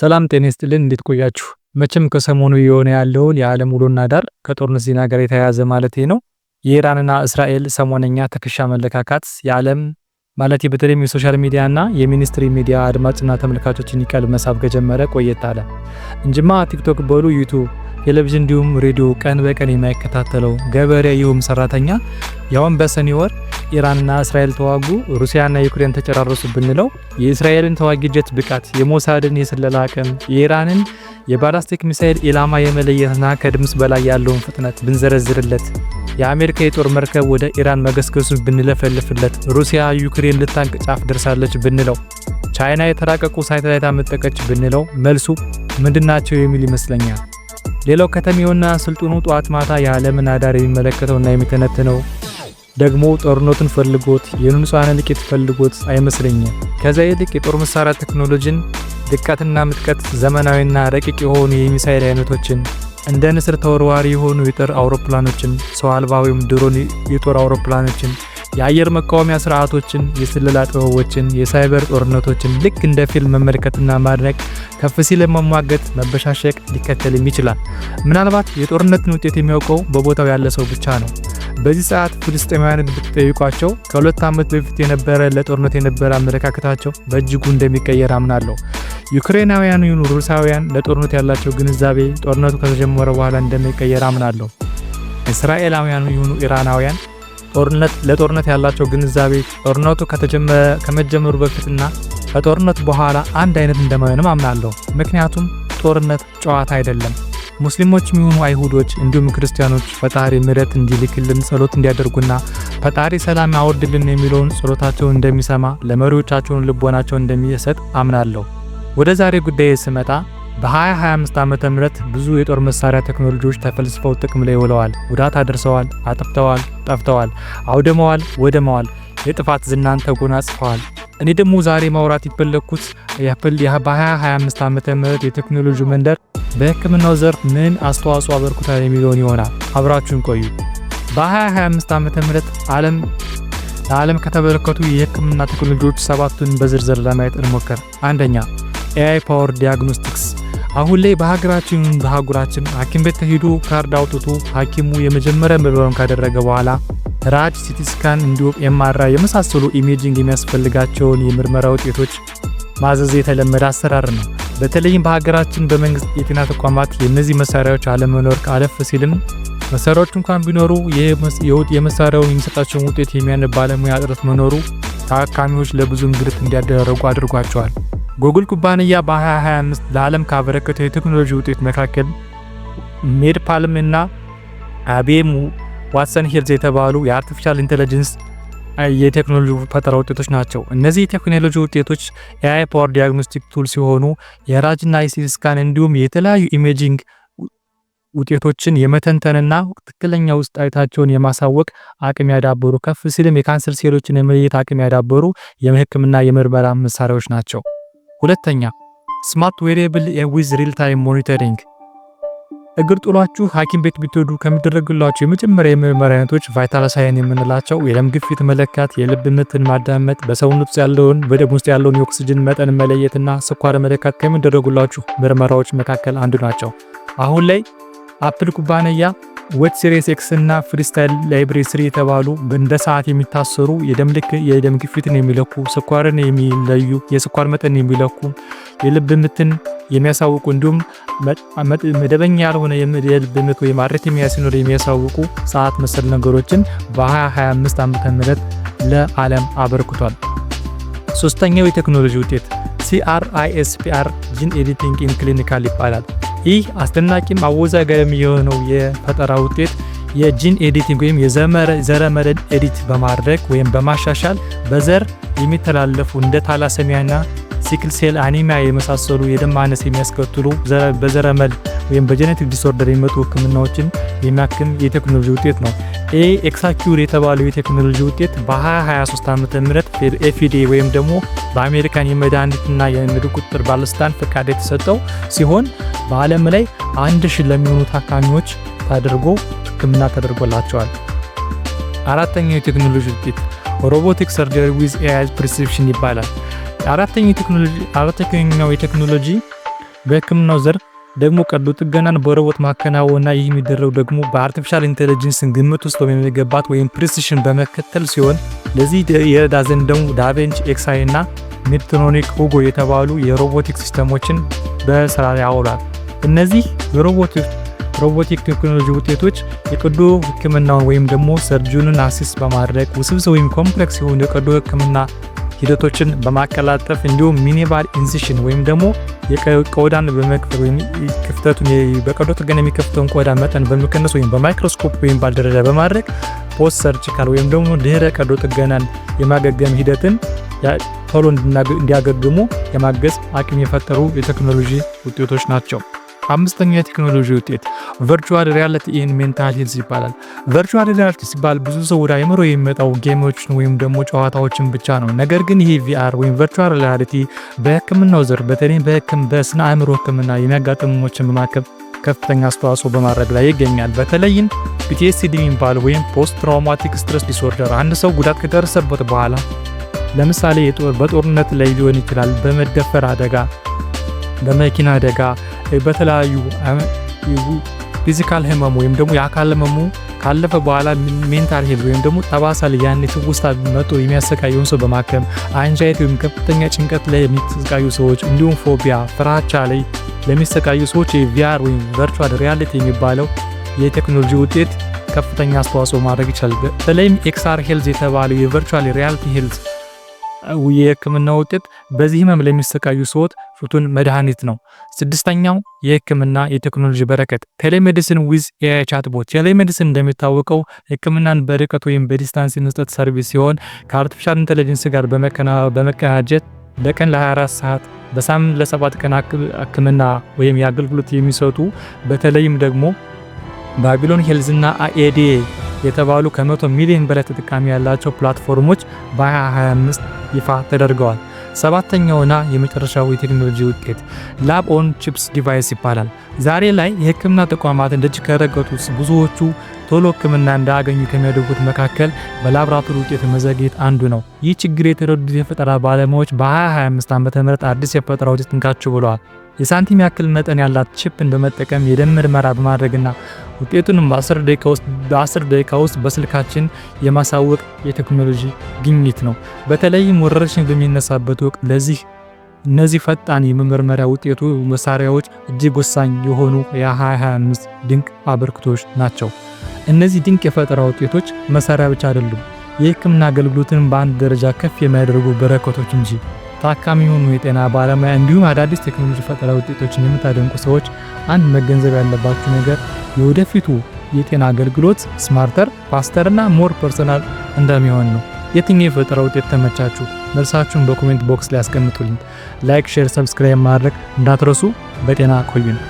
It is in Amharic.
ሰላም ጤና ይስጥልን። እንዴት ቆያችሁ? መቼም ከሰሞኑ የሆነ ያለውን የዓለም ውሎና ዳር ከጦርነት ዜና ጋር የተያያዘ ማለት ነው የኢራንና እስራኤል ሰሞነኛ ትከሻ መለካካት የዓለም ማለት በተለይም የሶሻል ሚዲያና የሚኒስትሪ ሚዲያ አድማጭና ተመልካቾችን ቀልብ መሳብ ከጀመረ ቆየት አለ እንጅማ ቲክቶክ በሉ ዩቱብ ቴሌቪዥን እንዲሁም ሬዲዮ ቀን በቀን የማይከታተለው ገበሬ ይሁም ሰራተኛ ያውን በሰኔ ወር ኢራንና እስራኤል ተዋጉ፣ ሩሲያና ዩክሬን ተጨራረሱ ብንለው የእስራኤልን ተዋጊ ጀት ብቃት፣ የሞሳድን የስለላ አቅም፣ የኢራንን የባላስቲክ ሚሳይል ኢላማ የመለየትና ከድምፅ በላይ ያለውን ፍጥነት ብንዘረዝርለት፣ የአሜሪካ የጦር መርከብ ወደ ኢራን መገስገሱ ብንለፈልፍለት፣ ሩሲያ ዩክሬን ልታንቅ ጫፍ ደርሳለች ብንለው፣ ቻይና የተራቀቁ ሳተላይት አመጠቀች ብንለው መልሱ ምንድናቸው የሚል ይመስለኛል። ሌላው ከተሜውና ስልጡኑ ጠዋት ማታ የዓለምን አዳር የሚመለከተውና የሚተነትነው ደግሞ ጦርነቱን ፈልጎት የንጹሐንን እልቂት ፈልጎት አይመስለኝም። ከዛ ይልቅ የጦር መሳሪያ ቴክኖሎጂን ድቀትና ምጥቀት፣ ዘመናዊና ረቂቅ የሆኑ የሚሳይል አይነቶችን እንደ ንስር ተወርዋሪ የሆኑ የጦር አውሮፕላኖችን፣ ሰው አልባ ወይም ድሮን የጦር አውሮፕላኖችን፣ የአየር መቃወሚያ ስርዓቶችን፣ የስለላ ጥበቦችን፣ የሳይበር ጦርነቶችን ልክ እንደ ፊልም መመልከትና ማድነቅ ከፍ ሲል መሟገት፣ መበሻሸቅ ሊከተልም ይችላል። ምናልባት የጦርነትን ውጤት የሚያውቀው በቦታው ያለ ሰው ብቻ ነው። በዚህ ሰዓት ፍልስጤማውያንን ብትጠይቋቸው ከሁለት ዓመት በፊት የነበረ ለጦርነት የነበረ አመለካከታቸው በእጅጉ እንደሚቀየር አምናለሁ። ዩክሬናውያን ይሁኑ ሩሳውያን ለጦርነት ያላቸው ግንዛቤ ጦርነቱ ከተጀመረ በኋላ እንደሚቀየር አምናለሁ። እስራኤላውያን ይሁኑ ኢራናውያን ለጦርነት ያላቸው ግንዛቤ ጦርነቱ ከመጀመሩ በፊትና ከጦርነት በኋላ አንድ አይነት እንደማይሆንም አምናለሁ። ምክንያቱም ጦርነት ጨዋታ አይደለም። ሙስሊሞች የሚሆኑ አይሁዶች እንዲሁም ክርስቲያኖች ፈጣሪ ምረት እንዲልክልን ጸሎት እንዲያደርጉና ፈጣሪ ሰላም ያወርድልን የሚለውን ጸሎታቸውን እንደሚሰማ ለመሪዎቻቸውን ልቦናቸውን እንደሚሰጥ አምናለሁ። ወደ ዛሬ ጉዳይ ስመጣ በ2025 ዓ ም ብዙ የጦር መሳሪያ ቴክኖሎጂዎች ተፈልስፈው ጥቅም ላይ ውለዋል፣ ጉዳት አድርሰዋል፣ አጥፍተዋል፣ ጠፍተዋል፣ አውድመዋል፣ ወድመዋል፣ የጥፋት ዝናን ተጎናጽፈዋል። እኔ ደግሞ ዛሬ ማውራት የፈለግኩት በ2025 ዓ ም የቴክኖሎጂ መንደር በህክምናው ዘርፍ ምን አስተዋጽኦ አበርክቷል የሚለውን ይሆናል። አብራችሁን ቆዩ። በ2025 ዓ ም ዓለም ለዓለም ከተመለከቱ የህክምና ቴክኖሎጂዎች ሰባቱን በዝርዝር ለማየት እንሞክር። አንደኛ ኤአይ ፓወር ዲያግኖስቲክስ። አሁን ላይ በሀገራችን በሀጉራችን ሐኪም ቤት ተሄዶ ካርድ አውጥቶ ሐኪሙ የመጀመሪያ ምርመራውን ካደረገ በኋላ ራጅ ሲቲስካን እንዲሁም ኤምአርአይ የመሳሰሉ ኢሜጂንግ የሚያስፈልጋቸውን የምርመራ ውጤቶች ማዘዝ የተለመደ አሰራር ነው። በተለይም በሀገራችን በመንግስት የጤና ተቋማት የእነዚህ መሳሪያዎች አለመኖር አለፍ ሲልም መሳሪያዎች እንኳን ቢኖሩ የመሳሪያውን የሚሰጣቸውን ውጤት የሚያን ባለሙያ እጥረት መኖሩ ታካሚዎች ለብዙ እንግልት እንዲያደረጉ አድርጓቸዋል። ጎግል ኩባንያ በ2025 ለዓለም ካበረከተው የቴክኖሎጂ ውጤት መካከል ፓልም እና አቤም ዋትሰን ሄልዝ የተባሉ የአርቲፊሻል ኢንቴሊጀንስ የቴክኖሎጂ ፈጠራ ውጤቶች ናቸው። እነዚህ የቴክኖሎጂ ውጤቶች የአይ ፓወር ዲያግኖስቲክ ቱል ሲሆኑ የራጅና የሲቲ ስካን እንዲሁም የተለያዩ ኢሜጂንግ ውጤቶችን የመተንተንና ትክክለኛ ውስጣዊታቸውን የማሳወቅ አቅም ያዳበሩ ከፍ ሲልም የካንሰር ሴሎችን የመለየት አቅም ያዳበሩ የሕክምና የምርመራ መሳሪያዎች ናቸው። ሁለተኛ ስማርት ዌሪብል ዊዝ ሪል ታይም ሞኒተሪንግ እግር ጥሏችሁ ሐኪም ቤት ቢትወዱ ከሚደረግላችሁ የመጀመሪያ የምርመራ አይነቶች ሳይን የምንላቸው የደም ግፊት መለካት፣ የልብ ምትን ማዳመጥ፣ በሰውነት ውስጥ ያለውን በደም ውስጥ ያለውን የኦክስጅን መጠን መለየትና ስኳር መለካት ከሚደረጉላችሁ ምርመራዎች መካከል አንዱ ናቸው። አሁን ላይ አፕል ኩባንያ ወት ሲሪስ ኤክስ እና ፍሪስታይል ላይብሬ ስሪ የተባሉ እንደ ሰዓት የሚታሰሩ የደም ልክ የደም ግፊትን የሚለኩ ስኳርን የሚለዩ የስኳር መጠን የሚለኩ የልብ ምትን የሚያሳውቁ እንዲሁም መደበኛ ያልሆነ የልብ ምት ወይም አርቲሚያ ሲኖር የሚያሳውቁ ሰዓት መሰል ነገሮችን በ2025 ዓመተ ምህረት ለዓለም አበርክቷል። ሶስተኛው የቴክኖሎጂ ውጤት ሲአርአይኤስፒአር ጂን ኤዲቲንግ ኢን ክሊኒካል ይባላል። ይህ አስደናቂም አወዛጋቢም የሆነው የፈጠራ ውጤት የጂን ኤዲቲንግ ወይም የዘረመረድ ኤዲት በማድረግ ወይም በማሻሻል በዘር የሚተላለፉ እንደ ታላሰሚያና ሲክል ሴል አኒሚያ የመሳሰሉ የደም ማነስ የሚያስከትሉ በዘረመል ወይም በጀኔቲክ ዲስኦርደር የሚመጡ ህክምናዎችን የሚያክም የቴክኖሎጂ ውጤት ነው። ኤ ኤክሳኪዩር የተባለው የቴክኖሎጂ ውጤት በ2023 ዓ ም ኤፍዴ ወይም ደግሞ በአሜሪካን የመድኃኒትና የምግብ ቁጥጥር ባለስልጣን ፈቃድ የተሰጠው ሲሆን በዓለም ላይ አንድ ሺ ለሚሆኑ ታካሚዎች ተደርጎ ህክምና ተደርጎላቸዋል። አራተኛው የቴክኖሎጂ ውጤት ሮቦቲክ ሰርጀሪ ዊዝ ኤአይ ፕሪስክሪፕሽን ይባላል። አራተኛው የቴክኖሎጂ በሕክምናው ዘርፍ ደግሞ ቀዶ ጥገናን በሮቦት ማከናወና ይህ የሚደረግ ደግሞ በአርቲፊሻል ኢንቴሊጀንስን ግምት ውስጥ በሚገባት ወይም ፕሪሲሽን በመከተል ሲሆን ለዚህ የረዳ ዘንድ ደግሞ ዳቬንች ኤክሳይ እና ኒትሮኒክ ሁጎ የተባሉ የሮቦቲክ ሲስተሞችን በስራ ላይ ያውላል። እነዚህ ሮቦቲክ ቴክኖሎጂ ውጤቶች የቀዶ ህክምናውን ወይም ደግሞ ሰርጁንን አሲስ በማድረግ ውስብስብ ወይም ኮምፕሌክስ የሆኑ የቀዶ ህክምና ሂደቶችን በማቀላጠፍ እንዲሁም ሚኒቫል ኢንሲሽን ወይም ደግሞ ቆዳን በመክፈት ወይም ክፍተቱን በቀዶ ጥገና የሚከፍተውን ቆዳ መጠን በመቀነስ ወይም በማይክሮስኮፕ ወይም ባልደረጃ በማድረግ ፖስት ሰርጂካል ወይም ደግሞ ድህረ ቀዶ ጥገናን የማገገም ሂደትን ቶሎ እንዲያገግሙ የማገዝ አቅም የፈጠሩ የቴክኖሎጂ ውጤቶች ናቸው። አምስተኛ የቴክኖሎጂ ውጤት ቨርቹዋል ሪያልቲ ኢን ሜንታል ሄልዝ ይባላል። ቨርቹዋል ሪያልቲ ሲባል ብዙ ሰው ወደ አይምሮ የሚመጣው ጌሞችን ወይም ደግሞ ጨዋታዎችን ብቻ ነው። ነገር ግን ይሄ ቪአር ወይም ቨርቹዋል ሪያልቲ በህክምናው ዘር በተለይ በህክም በስነ አእምሮ ህክምና የሚያጋጥሙ ህመሞችን በማከም ከፍተኛ አስተዋጽኦ በማድረግ ላይ ይገኛል። በተለይም ፒቲኤስዲ የሚባል ወይም ፖስት ትራውማቲክ ስትረስ ዲስኦርደር አንድ ሰው ጉዳት ከደረሰበት በኋላ ለምሳሌ በጦርነት ላይ ሊሆን ይችላል፣ በመደፈር አደጋ በመኪና አደጋ፣ በተለያዩ ፊዚካል ህመም ወይም ደግሞ የአካል ህመሙ ካለፈ በኋላ ሜንታል ሄል ወይም ደግሞ ጠባሳ ላይ ያኔ ትውስታ መጡ የሚያሰቃየውን ሰው በማከም አንዣይቲ ወይም ከፍተኛ ጭንቀት ላይ የሚሰቃዩ ሰዎች እንዲሁም ፎቢያ ፍራቻ ላይ ለሚሰቃዩ ሰዎች የቪአር ወይም ቨርቹዋል ሪያሊቲ የሚባለው የቴክኖሎጂ ውጤት ከፍተኛ አስተዋጽኦ ማድረግ ይችላል። በተለይም ኤክስአር ሄልዝ የተባለው የቨርቹዋል ሪያሊቲ ሄልዝ የህክምና ውጤት በዚህ ህመም ለሚሰቃዩ ሰዎች ፍቱን መድኃኒት ነው። ስድስተኛው የህክምና የቴክኖሎጂ በረከት ቴሌሜዲሲን ዊዝ ኤአይ ቻትቦት። ቴሌሜዲሲን እንደሚታወቀው ህክምናን በርቀት ወይም በዲስታንስ የመስጠት ሰርቪስ ሲሆን ከአርቲፊሻል ኢንቴሊጀንስ ጋር በመቀናጀት ለቀን ለ24 ሰዓት በሳምንት ለሰባት ቀን ህክምና ወይም የአገልግሎት የሚሰጡ በተለይም ደግሞ ባቢሎን ሄልዝና አኤዴ የተባሉ ከመቶ ሚሊዮን በላይ ተጠቃሚ ያላቸው ፕላትፎርሞች በ2025 ይፋ ተደርገዋል። ሰባተኛውና የመጨረሻው የቴክኖሎጂ ውጤት ላብ ኦን ቺፕስ ዲቫይስ ይባላል። ዛሬ ላይ የህክምና ተቋማት ደጅ ከረገጡ ብዙዎቹ ቶሎ ህክምና እንዳያገኙ ከሚያደርጉት መካከል በላብራቶሪ ውጤት መዘግየት አንዱ ነው። ይህ ችግር የተረዱት የፈጠራ ባለሙያዎች በ2025 ዓ ም አዲስ የፈጠራ ውጤት እንካችሁ ብለዋል። የሳንቲም ያክል መጠን ያላት ቺፕ በመጠቀም የደም ምርመራ በማድረግና ውጤቱንም በ10 ደቂቃ ውስጥ በስልካችን የማሳወቅ የቴክኖሎጂ ግኝት ነው። በተለይም ወረርሽኝ በሚነሳበት ወቅት ለዚህ እነዚህ ፈጣን የመመርመሪያ ውጤቱ መሳሪያዎች እጅግ ወሳኝ የሆኑ የ2025 ድንቅ አበርክቶች ናቸው። እነዚህ ድንቅ የፈጠራ ውጤቶች መሳሪያ ብቻ አይደሉም፣ የሕክምና አገልግሎትን በአንድ ደረጃ ከፍ የሚያደርጉ በረከቶች እንጂ። ታካሚ የሆኑ የጤና ባለሙያ እንዲሁም አዳዲስ ቴክኖሎጂ ፈጠራ ውጤቶችን የምታደንቁ ሰዎች አንድ መገንዘብ ያለባችሁ ነገር የወደፊቱ የጤና አገልግሎት ስማርተር፣ ፋስተር ሞር ፐርሰናል እንደሚሆን ነው። የትኛው የፈጠራ ውጤት ተመቻችሁ? መልሳችሁን በኮሜንት ቦክስ ላይ ላይክ፣ ሼር፣ ሰብስክራይብ ማድረግ እንዳትረሱ። በጤና ቆዩን።